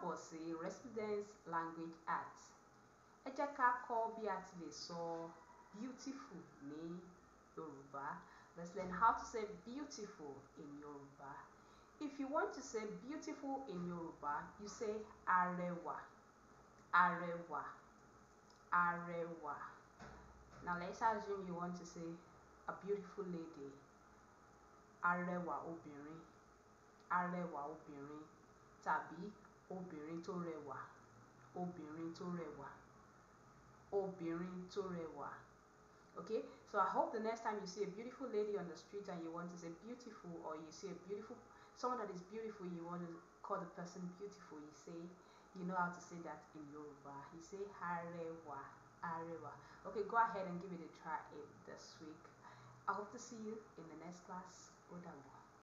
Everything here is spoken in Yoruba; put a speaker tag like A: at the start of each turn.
A: káàbọ̀ sí residence language arts ẹ jẹ́ ká kọ́ bí a ti lè sọ beautiful ní Yorùbá let's learn how to say beautiful in Yorùbá if you want to say beautiful in Yorùbá you say arẹwà arẹwà arẹwà now let's assume you want to say a beautiful lady arẹwà obìnrin arẹwà obìnrin tàbí obìnrin tó rẹwà obìnrin tó rẹwà obìnrin tó rẹwà okay so i hope the next time you see a beautiful lady on the street and you want to say beautiful or you see a beautiful someone that is beautiful you want to call the person beautiful you say you know how to say that in yoruba you say arewa arewa okay go ahead and give it a try it this week i hope to see you in the next class Odawa.